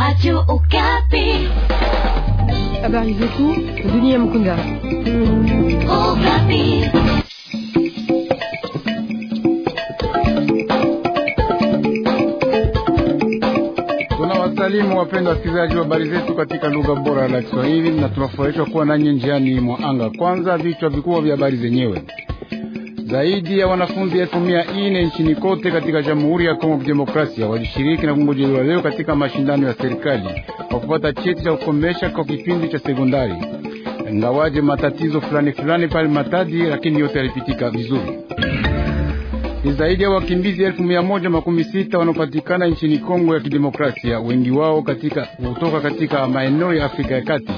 Radio Okapi. Habari zetu dunia mkunda. Okapi. Salimu wapenda wasikilizaji wa habari zetu katika lugha bora la Kiswahili na tunafurahishwa kuwa nanyi njiani mwa anga. Kwanza vichwa vikubwa vya habari zenyewe. Zaidi ya wanafunzi elfu mia ine nchini kote katika Jamhuri ya Kongo Kidemokrasia walishiriki na kungojewa leo katika mashindano ya serikali kwa kupata cheti cha kukomesha kwa kipindi cha sekondari, ngawaje matatizo fulani fulani pale Matadi, lakini yote yalipitika vizuri. Ni zaidi ya wakimbizi elfu mia moja makumi sita wanaopatikana nchini Kongo ya Kidemokrasia, wengi wao katika kutoka katika maeneo ya Afrika ya Kati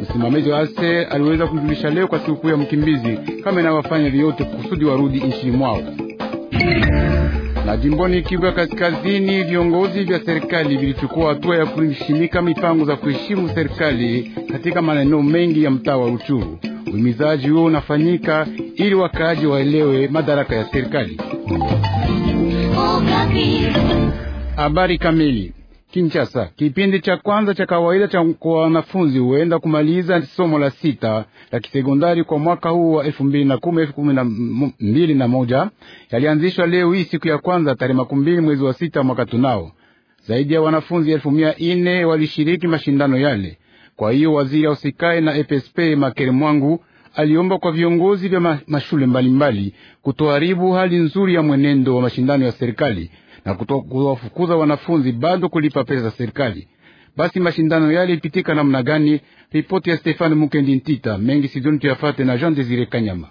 Msimamizi wa ASER aliweza kujulisha leo kwa sikukuu ya mkimbizi kama inavyofanya vyote kusudi warudi nchini mwao. Na jimboni Kivu ya Kaskazini, viongozi vya serikali vilichukua hatua ya kuheshimika mipango za kuheshimu serikali katika maeneo mengi ya mtaa wa Ruchuru. Uhimizaji huo unafanyika ili wakaaji waelewe madaraka ya serikali. Oh, Habari kamili Kinshasa. Kipindi cha kwanza cha kawaida cha wanafunzi huenda kumaliza somo la sita la kisekondari kwa mwaka huu wa elfu mbili na kumi elfu mbili na moja yalianzishwa leo hii siku ya kwanza tarehe makumi mbili mwezi wa sita mwaka tunao. Zaidi ya wanafunzi elfu mia nne walishiriki mashindano yale. Kwa hiyo waziri usikae na EPSP Makere Mwangu aliomba kwa viongozi vya mashule mbalimbali kutoharibu hali nzuri ya mwenendo wa mashindano ya serikali na kuwafukuza wanafunzi bado kulipa pesa za serikali. Basi mashindano yale ipitika namna gani? Ripoti ya Stefani Mukendi Ntita mengi sidoni tuyafate na Jean Desire Kanyama.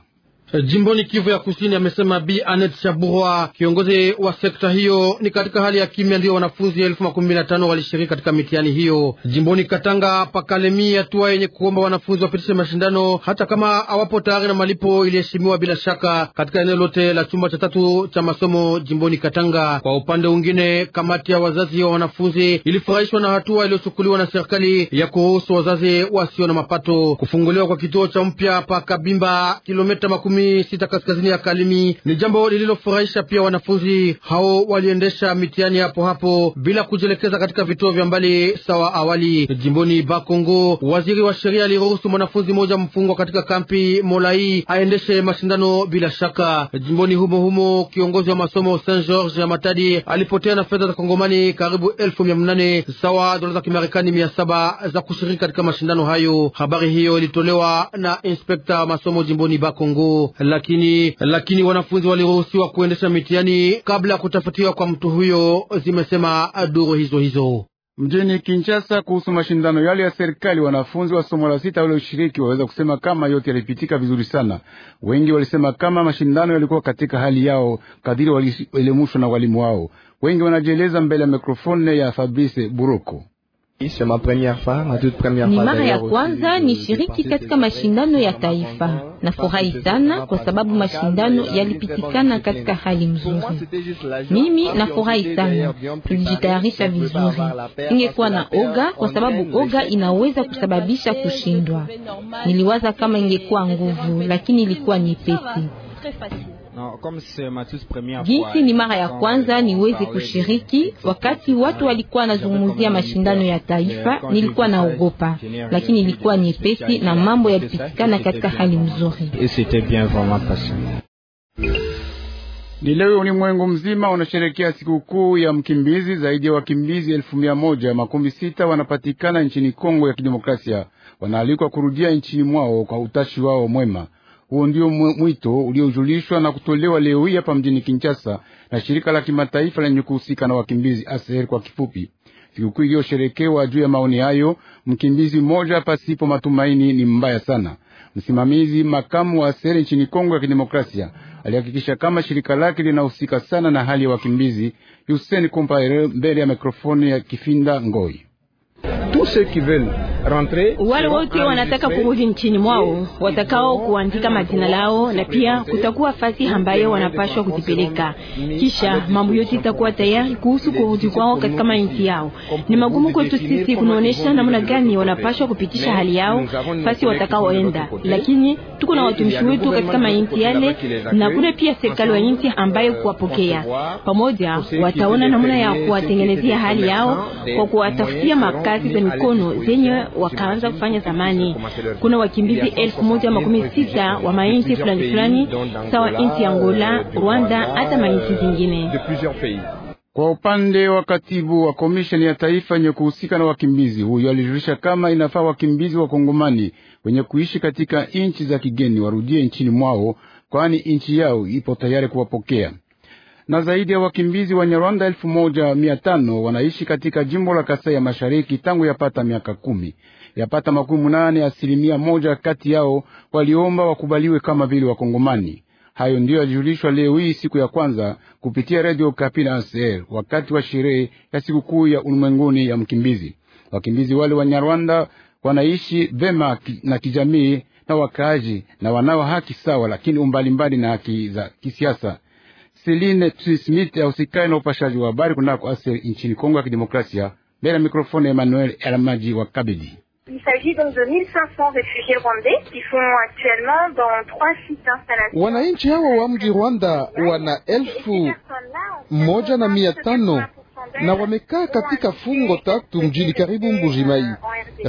Eh, jimboni Kivu ya Kusini, amesema Bi Anet Shaburwa, kiongozi wa sekta hiyo. Ni katika hali ya kimya ndiyo wanafunzi elfu makumi na tano walishiriki katika mitihani hiyo. Jimboni Katanga Pakalemi, hatua yenye kuomba wanafunzi wapitishe mashindano hata kama hawapo tayari na malipo iliheshimiwa bila shaka katika eneo lote la chumba cha tatu cha masomo jimboni Katanga. Kwa upande mwingine, kamati ya wazazi wa wanafunzi ilifurahishwa na hatua iliyochukuliwa na serikali ya kuruhusu wazazi wasio na mapato kufunguliwa kwa kituo cha mpya pa Kabimba kilomita makumi makumi sita kaskazini ya Kalimi ni jambo lililofurahisha pia wanafunzi hao waliendesha mitihani hapo hapo bila kujielekeza katika vituo vya mbali sawa awali. Jimboni Bakongo, waziri wa sheria aliruhusu mwanafunzi mmoja mfungwa katika kampi Molai aendeshe mashindano bila shaka. Jimboni humo humo, kiongozi wa masomo Saint George ya Matadi alipotea na fedha za Kongomani karibu elfu mia nane sawa dola za Kimarekani mia saba za kushiriki katika mashindano hayo. Habari hiyo ilitolewa na inspekta masomo jimboni Bakongo lakini lakini wanafunzi waliruhusiwa kuendesha mitihani kabla ya kutafutiwa kwa mtu huyo, zimesema duru hizo hizo mjini Kinshasa. Kuhusu mashindano yale ya serikali, wanafunzi wa somo la sita ushiriki waweza kusema kama yote yalipitika vizuri sana. Wengi walisema kama mashindano yalikuwa katika hali yao kadiri walielemushwa na walimu wao. Wengi wanajieleza mbele ya mikrofone ya Fabrice buruko ni mara ya kwanza ni shiriki katika mashindano ya taifa. Nafurahi sana kwa sababu mashindano yalipitikana katika hali mzuri. Mimi nafurahi sana, tulijitayarisha vizuri. Ingekuwa na oga, kwa sababu oga inaweza kusababisha kushindwa. Niliwaza kama ingekuwa nguvu, lakini ilikuwa nyepesi. Jinsi ni mara ya kwanza niweze kushiriki. Wakati watu walikuwa wanazungumzia mashindano ya taifa, nilikuwa naogopa, lakini ilikuwa nyepesi na mambo yalipitikana katika hali mzuri. Ni leo ulimwengu mzima unasherekea sikukuu ya mkimbizi. Zaidi ya wakimbizi elfu mia moja makumi sita wanapatikana nchini Kongo ya Kidemokrasia, wanaalikwa kurudia nchini mwao kwa utashi wao mwema. Huo ndio mwito uliojulishwa na kutolewa leo hii hapa mjini Kinshasa na shirika la kimataifa lenye kuhusika na wakimbizi ASER kwa kifupi. Sikukuu iliyosherekewa juu ya maoni hayo, mkimbizi mmoja pasipo matumaini ni mbaya sana. Msimamizi makamu wa ASER nchini Kongo ya Kidemokrasia alihakikisha kama shirika lake linahusika sana na hali ya wakimbizi. Hussein Kompaere mbele ya mikrofoni ya Kifinda Ngoi. Wale wote wanataka kurudi nchini mwao watakao kuandika majina lao, na pia kutakuwa fasi ambayo wanapashwa kutipeleka. Kisha mambo yote itakuwa tayari kuhusu kurudi kwao katika manchi yao. Ni magumu kwetu sisi kunaonesha namna gani wanapashwa kupitisha hali yao fasi watakaoenda, lakini tuko na watumishi wetu katika manchi yale, na kuna pia serikali wa nchi ambayo euh, kuwapokea pamoja, wataona namna ya kuwatengenezea hali yao kwa kuwatafutia makazi za mikono zenye wakaanza kufanya zamani. Kuna wakimbizi elfu moja makumi sita wa mainchi fulani fulani, sawa nchi ya Angola, Rwanda, hata mainchi zingine. Kwa upande wa katibu wa komisheni ya taifa yenye kuhusika na wakimbizi, huyo alijulisha kama inafaa wakimbizi wa Kongomani wenye kuishi katika nchi za kigeni warudie nchini mwao, kwani nchi yao ipo tayari kuwapokea na zaidi ya wakimbizi wa Nyarwanda elfu moja mia tano wanaishi katika jimbo la Kasai ya Mashariki tangu yapata miaka kumi. Yapata makumi munane asilimia moja kati yao waliomba wakubaliwe kama vile Wakongomani. Hayo ndiyo yalijulishwa leo hii siku ya kwanza kupitia redio Kapi na wakati wa sherehe ya sikukuu ya ulimwenguni ya mkimbizi. Wakimbizi wale wa Nyarwanda wanaishi vema na kijamii na wakaaji na wanao haki sawa, lakini umbalimbali na haki za kisiasa. Celine smith ausikae na upashaji wa habari kunako aseri nchini Kongo ya Kidemokrasia, mbele ya mikrofoni ya Emmanuel Elamaji wa Kabedi. Wananchi hawa wa mji Rwanda wana elfu moja na mia tano na wamekaa katika fungo tatu mjini karibu Mbujimai.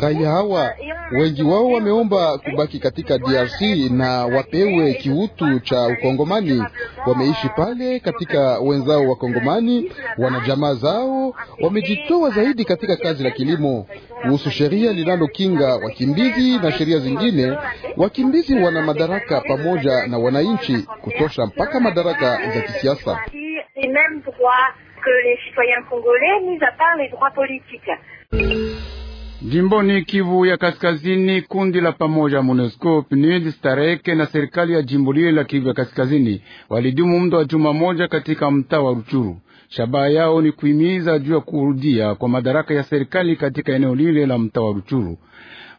Raia hawa Wengi wao wameomba kubaki katika DRC na wapewe kiutu cha Ukongomani. Wameishi pale katika wenzao wa Kongomani, wana jamaa zao, wamejitoa zaidi katika kazi la kilimo. Kuhusu sheria linalokinga wakimbizi na sheria zingine, wakimbizi wana madaraka pamoja na wananchi kutosha, mpaka madaraka za kisiasa. Jimboni Kivu ya Kaskazini, kundi la pamoja MONUSCO, PNUD, stareke na serikali ya jimbo lile la Kivu ya Kaskazini walidumu muda wa juma moja katika mtaa wa Ruchuru. Shabaha yao ni kuhimiza juu ya kurudia kwa madaraka ya serikali katika eneo lile la mtaa wa Ruchuru.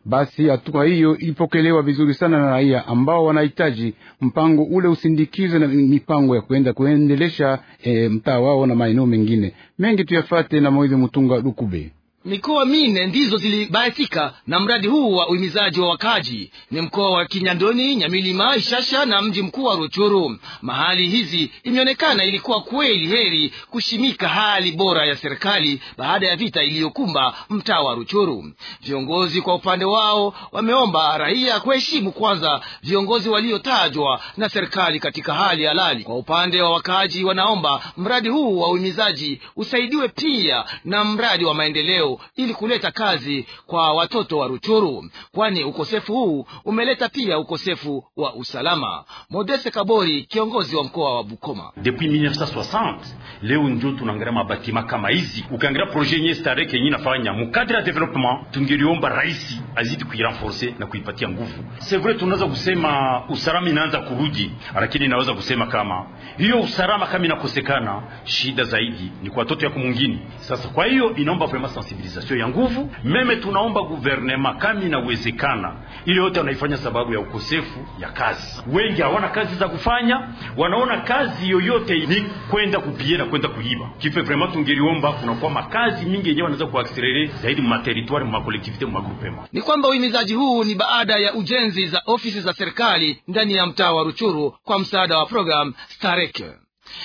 Basi hatua hiyo ilipokelewa vizuri sana na raia ambao wanahitaji mpango ule usindikizwe na mipango ya kuenda kuendelesha e, mtaa wao na maeneo mengine mengi tuyafate na Moizi Mutunga Lukube. Mikoa mine ndizo zilibahatika na mradi huu wa uhimizaji wa wakaji ni mkoa wa Kinyandoni, Nyamilima, Ishasha na mji mkuu wa Ruchuru. Mahali hizi imeonekana ilikuwa kweli heri kushimika hali bora ya serikali baada ya vita iliyokumba mtaa wa Ruchuru. Viongozi kwa upande wao wameomba raia kuheshimu kwanza viongozi waliotajwa na serikali katika hali halali. Kwa upande wa wakaji, wanaomba mradi huu wa uhimizaji usaidiwe pia na mradi wa maendeleo ili kuleta kazi kwa watoto wa Ruchuru, kwani ukosefu huu umeleta pia ukosefu wa usalama. Modeste Kabori, kiongozi wa mkoa wa Bukoma: depuis 1960 leo njo tunaangalia mabatima kama hizi, ukiangalia projet yenye stareke yenye nafanya mukadri ya development, tungeliomba rais azidi kuirenforce na kuipatia nguvu. C'est vrai tunaweza kusema usalama inaanza kurudi, lakini inaweza kusema kama hiyo usalama kama inakosekana, shida zaidi ni kwa watoto yako mwingine. Sasa kwa hiyo inaomba vraiment sensibility mobilizasio ya nguvu meme. Tunaomba guvernema kami inawezekana, ili yote wanaifanya sababu ya ukosefu ya kazi. Wengi hawana kazi za kufanya, wanaona kazi yoyote ni kwenda kupie na kwenda kuiba kife. Vraiment tungeliomba kunakuwa makazi mingi yenyewe wanaweza kuakselere zaidi mumateritwari mumakolektivite mumagrupema. Ni kwamba uhimizaji huu ni baada ya ujenzi za ofisi za serikali ndani ya mtaa wa Ruchuru kwa msaada wa programu Stareke.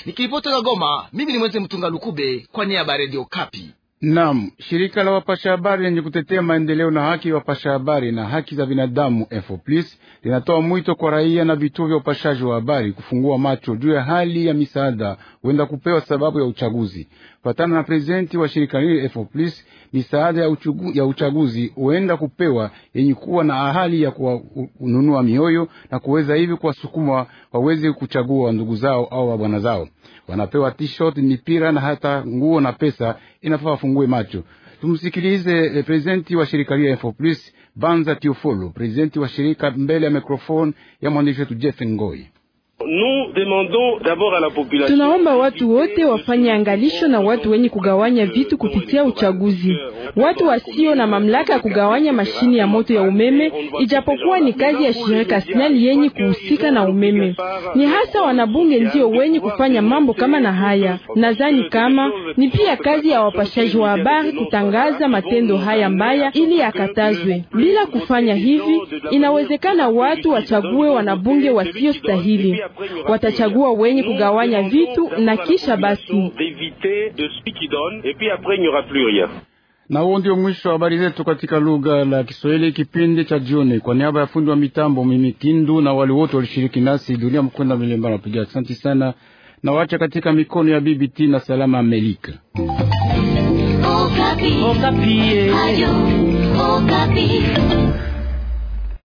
Nikiripoti Kagoma, mimi ni Mweze Mtunga Lukube kwa niaba ya Radio Kapi. Naam, shirika la wapasha habari lenye kutetea maendeleo na haki ya wapasha habari na haki za binadamu Plus linatoa mwito kwa raia na vituo vya upashaji wa habari kufungua macho juu ya hali ya misaada huenda kupewa sababu ya uchaguzi. Patana na prezidenti wa shirika lile Plus, misaada ya, uchugu, ya uchaguzi huenda kupewa yenye kuwa na ahali ya kununua mioyo na kuweza hivi kuwasukuma waweze kuchagua wa ndugu zao au wabwana zao. Wanapewa t-shirt, mipira na hata nguo na pesa inafaa afungue macho. Tumsikilize eh, prezidenti wa shirika ya Info Plus Banza tiofolo prezidenti wa shirika mbele ya mikrofoni ya mwandishi wetu Jeff Ngoi. Tunaomba watu wote wafanye angalisho na watu wenye kugawanya vitu kupitia uchaguzi. Watu wasio na mamlaka ya kugawanya mashini ya moto ya umeme, ijapokuwa ni kazi ya shirika SNEL yenye kuhusika na umeme, ni hasa wanabunge ndio wenye kufanya mambo kama na haya. Nadhani kama ni pia kazi ya wapashaji wa habari kutangaza matendo haya mbaya ili yakatazwe. Bila kufanya hivi, inawezekana watu wachague wanabunge wasiostahili watachagua wenye kugawanya vitu na kisha basi na huo ndio mwisho wa habari zetu katika lugha la Kiswahili kipindi cha jioni. Kwa niaba ya fundi wa mitambo mimi Kindu na wale wote walishiriki nasi, Dunia Mkwenda Milemba napiga asante sana, na wacha katika mikono ya BBT na salama Melika Okapi. Oh, Okapi. Oh, eh.